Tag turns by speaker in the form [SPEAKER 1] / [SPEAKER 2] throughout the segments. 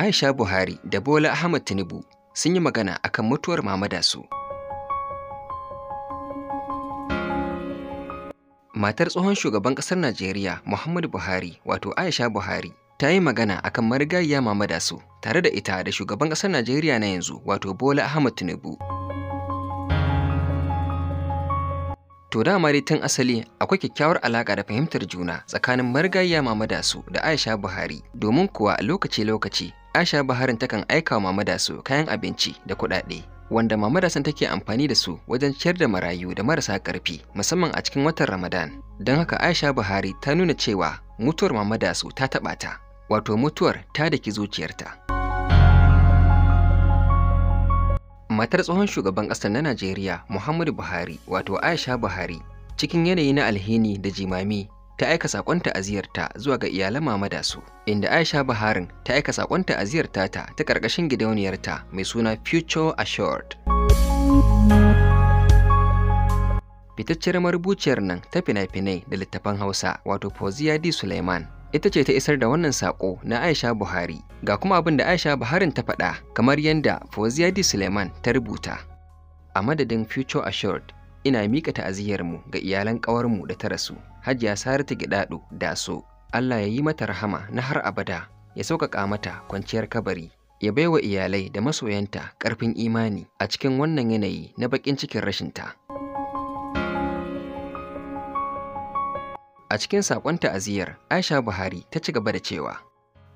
[SPEAKER 1] Aisha Buhari da Bola Ahmed Tinubu sun yi magana akan mutuwar Mama Daso. Matar tsohon shugaban ƙasar Najeriya Muhammadu Buhari wato Aisha Buhari ta yi magana akan marigayya Mama Daso tare da ita da shugaban ƙasar Najeriya na yanzu wato Bola Ahmed Tinubu. To dama dai tun asali akwai kyakkyawar alaƙa da fahimtar juna tsakanin marigayya Mama Dasu da Aisha Buhari domin kuwa lokaci-lokaci Aisha Baharin takan aika wa Mama Dasu kayan abinci da kuɗaɗe wanda Mama Dasun take amfani da su wajen ciyar da marayu da marasa ƙarfi musamman a cikin watan Ramadan. Don haka Aisha Buhari ta nuna cewa mutuwar Mama Dasu ta taɓa ta, wato mutuwar ta daki zuciyarta. Matar tsohon shugaban ƙasar na Najeriya Muhammadu Buhari wato Aisha Buhari cikin yanayi na alhini da jimami ta aika a ta'aziyarta zuwa ga iyalan Mama su inda Aisha Baharin ta aika a ziyarta ta ta karkashin gidauniyarta mai suna Future Assured. Fitacciyar marubuciyar nan ta fina-finai da littafan Hausa wato Fauziya D. Suleiman ita ce ta isar da wannan sako na Aisha Buhari ga kuma abin da Aisha Buharin ta faɗa kamar yadda Fauziya D. Suleiman ta rubuta. A madadin Future Assured ina miƙa ta'aziyyarmu ga iyalan ƙawarmu da ta rasu Hajiya Saratu Gidado da so Allah ya yi mata rahama na har abada ya sauƙaƙa mata kwanciyar kabari ya baiwa iyalai da masoyanta ƙarfin imani a cikin wannan yanayi na baƙin cikin rashinta. A cikin saƙon ta'aziyyar Aisha Buhari ta ci gaba da cewa,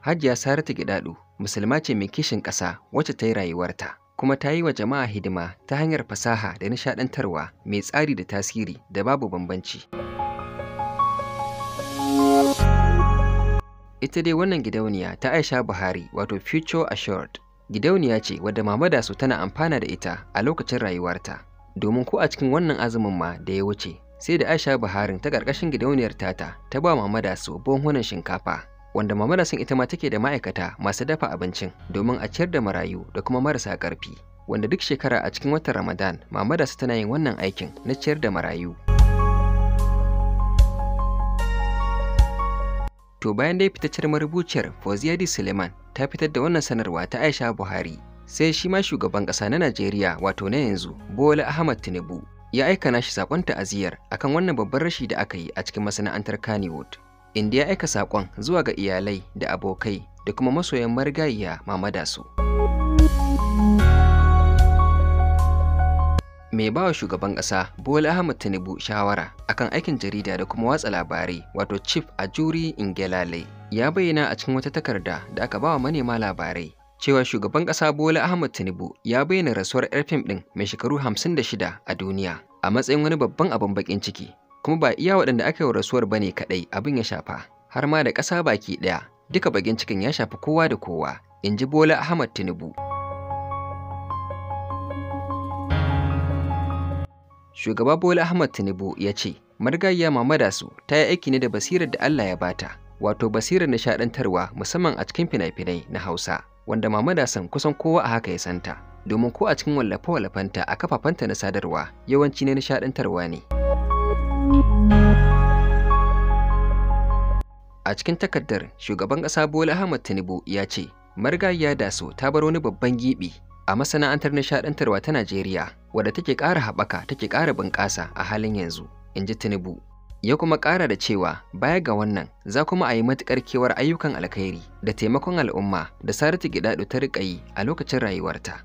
[SPEAKER 1] Hajiya Saratu Gidado musulma ce mai kishin ƙasa wacce ta yi rayuwarta, kuma ta yi wa jama'a hidima ta hanyar fasaha da nishaɗantarwa mai tsari da tasiri da babu bambanci. ita dai wannan gidauniya ta aisha buhari wato future assured gidauniya ce wadda mamada su tana amfana da ita a lokacin rayuwarta domin ko a cikin wannan azumin ma da ya wuce sai da aisha buharin ta karkashin gidauniyar tata ta ba mamada su buhunan shinkafa wanda mamada sun ita ma take da ma'aikata masu dafa abincin domin a ciyar da marayu da kuma marasa karfi wanda duk shekara a cikin watan ramadan mamada su tana yin wannan aikin na ciyar da marayu. To bayan dai fitaccen marubuciyar Foziyadi Suleiman ta fitar da wannan sanarwa ta Aisha Buhari sai shi ma shugaban ƙasa na Najeriya wato na yanzu Bola Ahmad Tinubu ya aika nashi saƙon ta'aziyar akan wannan babban rashi da aka yi a cikin masana'antar Kannywood. Inda ya aika saƙon zuwa ga iyalai da abokai da kuma masoyan marigayiya Mamada su. mai bawa shugaban ƙasa Bola Ahmed Tinubu shawara akan aikin jarida da kuma watsa labarai wato Chief Ajuri Ingelale ya bayyana a cikin wata takarda da aka bawa manema labarai cewa shugaban ƙasa Bola Ahmed Tinubu ya bayyana rasuwar yar fim ɗin mai shekaru 56 a duniya a matsayin wani babban abin bakin ciki kuma ba iya waɗanda aka yi rasuwar bane kaɗai abin ya shafa har ma da ƙasa baki ɗaya duka bakin cikin ya shafi kowa da kowa Inji Bola Ahmed Tinubu. Shugaba Bola Ahmad Tinubu ya ce, Margayya Mamada su ta yi aiki ne da basirar da Allah ya bata, wato basirar nishaɗantarwa musamman a cikin fina-finai na Hausa, wanda Mamada san kusan kowa a haka ya santa, domin ko a cikin wallafe-wallafenta a kafafanta na sadarwa yawanci na nishaɗantarwa ne. A cikin takardar, shugaban ƙasa Bola Ahmad Tinubu ya ce, Margayya su ta bar wani babban giɓi a masana'antar nishadantarwa ta Najeriya wadda take ƙara haɓaka take ƙara bunƙasa a halin yanzu, in ji Tinubu. Ya kuma ƙara da cewa baya ga wannan za kuma a yi matuƙar kewar ayyukan alkhairi da taimakon al'umma da Saratu Gidado ta riƙa yi a lokacin rayuwarta.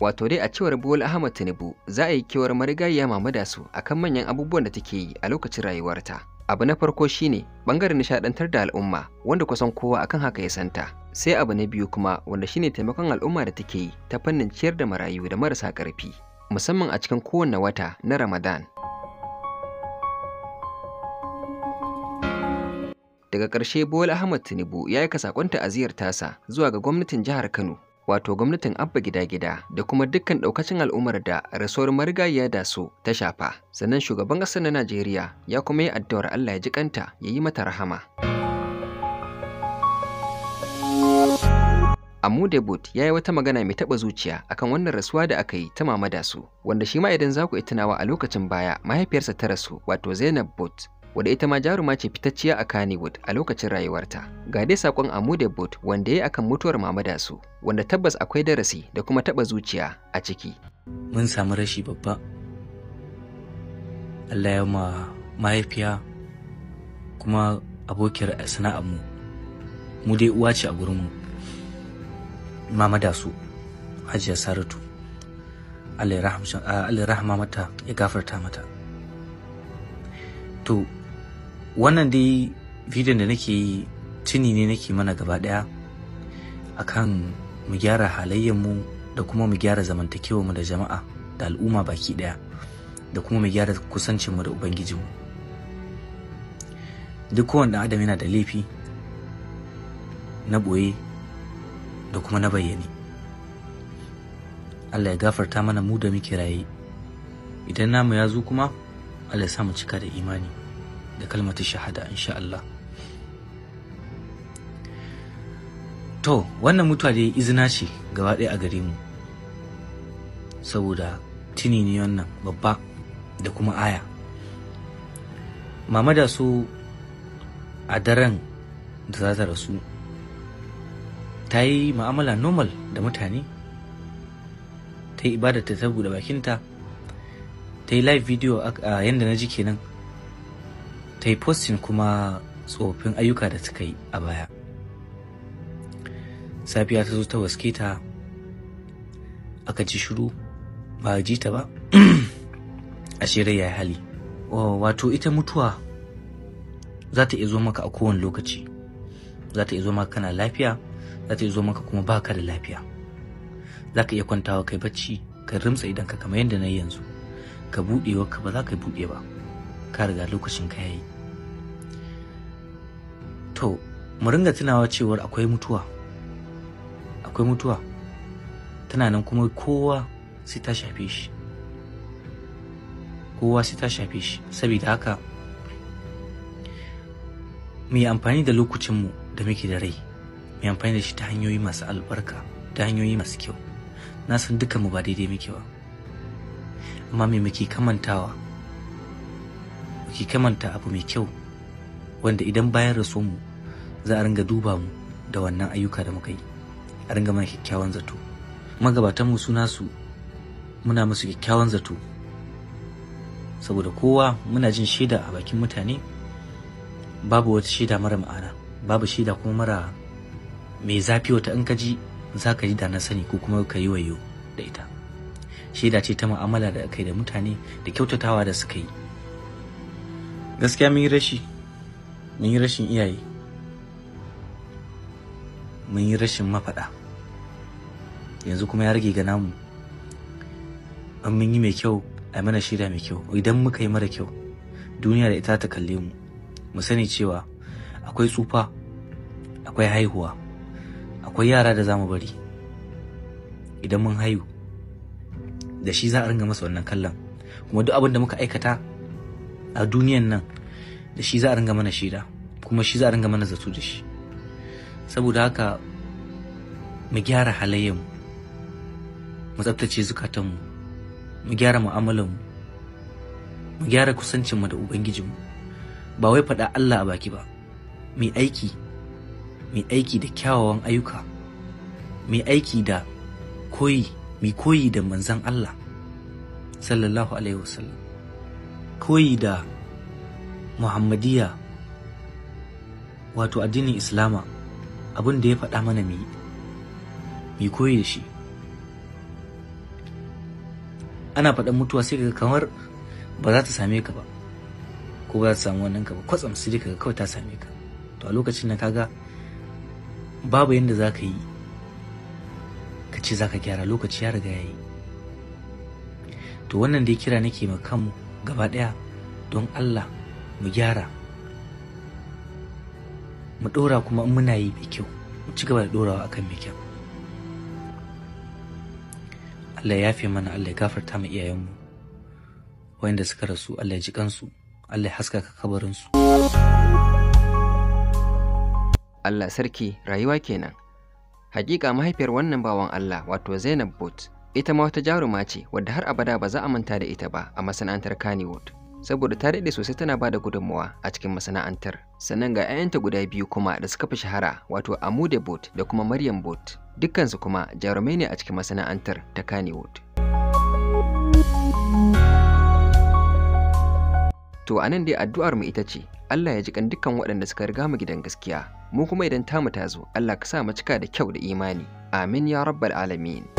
[SPEAKER 1] Wato dai a cewar Bola Ahmad Tinubu za a yi kewar marigayiya Mamadasu akan manyan abubuwan da take yi a lokacin rayuwarta. abu na farko shine bangaren nishadantar da al'umma wanda kusan kowa akan haka ya santa sai abu na biyu kuma wanda shine taimakon al'umma da take yi ta fannin ciyar da marayu da marasa ƙarfi musamman a cikin kowanne wata na ramadan daga ƙarshe bola ahmad tinubu ya aika saƙon ta'aziyar tasa zuwa ga gwamnatin jihar kano wato gwamnatin abba gida-gida da kuma dukkan daukacin al'ummar da rasuwar marigayya da su ta shafa sannan shugaban ƙasar na najeriya ya kuma yi addu'ar allah ya ji kanta ya yi mata rahama Amu Debut ya yi wata magana mai taɓa zuciya akan wannan rasuwa da aka yi ta mama da su, wanda shi ma idan za ku tunawa a lokacin baya mahaifiyarsa ta rasu wato Zainab But. wadda ita ma jaruma ce fitacciya a Kannywood a lokacin rayuwarta. Ga dai sakon Amude Bot wanda ya yi akan mutuwar Mama Dasu, wanda tabbas akwai darasi da kuma taba zuciya a ciki.
[SPEAKER 2] Mun samu rashi babba. Allah ya ma mahaifiya kuma abokiyar sana'armu. Mu dai uwa ce a gurinmu. Mama Dasu, Hajiya Saratu. Allah ya rahama mata ya gafarta mata. to wannan dai bidiyon da nake yi tuni ne nake mana gaba daya akan mu gyara halayyarmu da kuma mu gyara zamantakewarmu da jama'a da al'umma baki daya da kuma mu gyara kusancinmu da ubangijinmu duk kowanne adam yana da laifi na boye da kuma na bayyane Allah ya gafarta mana mu da muke raye idan namu ya zo kuma Allah ya sa mu cika da imani da kalmatin shahada in sha Allah to wannan mutuwa dai izina ce gaba ɗaya a gare mu saboda tuni ne wannan babba da kuma aya mama da su a daren da za ta rasu ta yi ma'amala normal da mutane ta yi ibada ta buɗe bakinta ta yi live video a yadda na ji kenan ta yi postin kuma tsofin ayyuka da suka yi a baya safiya ta zo ta waske ta aka ji shiru ba a ji ta ba a shirai ya hali wato ita mutuwa za ta iya zo maka a kowane lokaci za ta iya zo maka kana lafiya za ta iya zo maka kuma ba ka da lafiya za ka iya kwantawa kai bacci ka rimtsa idan ka kama yadda na yi yanzu ka buɗewa ka ba za ka buɗe ba ka riga lokacin ka yayi to mu ringa tunawa cewar akwai mutuwa akwai mutuwa tana nan kuma kowa sai ta shafe shi kowa sai ta shafe shi saboda haka mu yi amfani da lokacinmu da muke da rai mu yi amfani da shi ta hanyoyi masu albarka ta hanyoyi masu kyau na san mu ba daidai muke ba amma me muke kamantawa muke kamanta abu mai kyau wanda idan bayan rasuwanmu mu za a ringa duba mu da wannan ayyuka da muka yi a ringa mana kyakkyawan zato magabatan mu suna su muna musu kyakkyawan zato saboda kowa muna jin shaida a bakin mutane babu wata shaida mara ma'ana babu shaida kuma mara mai zafi wata in ka ji za ka ji da na sani ko kuma ka yi wayo da ita shaida ce ta mu'amala da aka yi da mutane da kyautatawa da suka yi gaskiya mun yi rashi mun yi rashin iyaye mun yi rashin mafaɗa yanzu kuma ya rage ga namu in mun yi mai kyau a mana shida mai kyau idan muka yi mara kyau duniya da ita ta kalle mu mu sani cewa akwai tsufa akwai haihuwa akwai yara da za mu bari idan mun haihu da shi za a ringa masa wannan kallon kuma duk abin da muka aikata a duniyan nan da shi za a ringa mana shida kuma shi za a ringa mana zato da shi saboda haka mu gyara halayyar mu tsabtace zukatan mu gyara mu'amalanmu mu gyara mu da ubangijinmu ba wai faɗa Allah a baki ba mai aiki mai aiki da kyawawan ayyuka mai aiki da koyi mai koyi da manzan Allah sallallahu alaihi wasallam koyi da Muhammadiyya wato addinin islama abin da ya faɗa mana mi mi koyi da shi ana faɗan mutuwa sai ka kamar ba za ta same ka ba ko ba za ta samu wannan ka ba kwatsam sai ka kawai ta same ka to a lokacin na kaga babu yadda za ka yi ka ce za ka gyara lokaci ya riga ya yi to wannan da ya kira nake ma kanmu gaba ɗaya don allah mu gyara mu ɗora kuma in muna yi mai kyau mu ci gaba da ɗorawa akan mai kyau Allah ya fi mana Allah ya gafarta mu iyayenmu wanda suka
[SPEAKER 1] rasu Allah ya ji kansu Allah ya haskaka kabarinsu Allah sarki rayuwa kenan hakika mahaifiyar wannan bawan Allah wato Zainab Bot ita ma wata jaruma ce wadda har abada ba za a manta da ita ba a masana'antar Kannywood saboda ta daɗe sosai tana ba da gudunmawa a cikin masana'antar sannan ga 'ya'yanta guda biyu kuma da suka fi shahara wato amude boat da kuma maryam boat, dukkansu kuma jarumai ne a cikin masana'antar ta kanewood to anan dai addu'ar mu ita ce Allah ya ji kan dukkan waɗanda suka riga mu gidan gaskiya mu kuma idan tamu ta zo Allah ka sa mu cika da kyau da imani amin ya rabbal alamin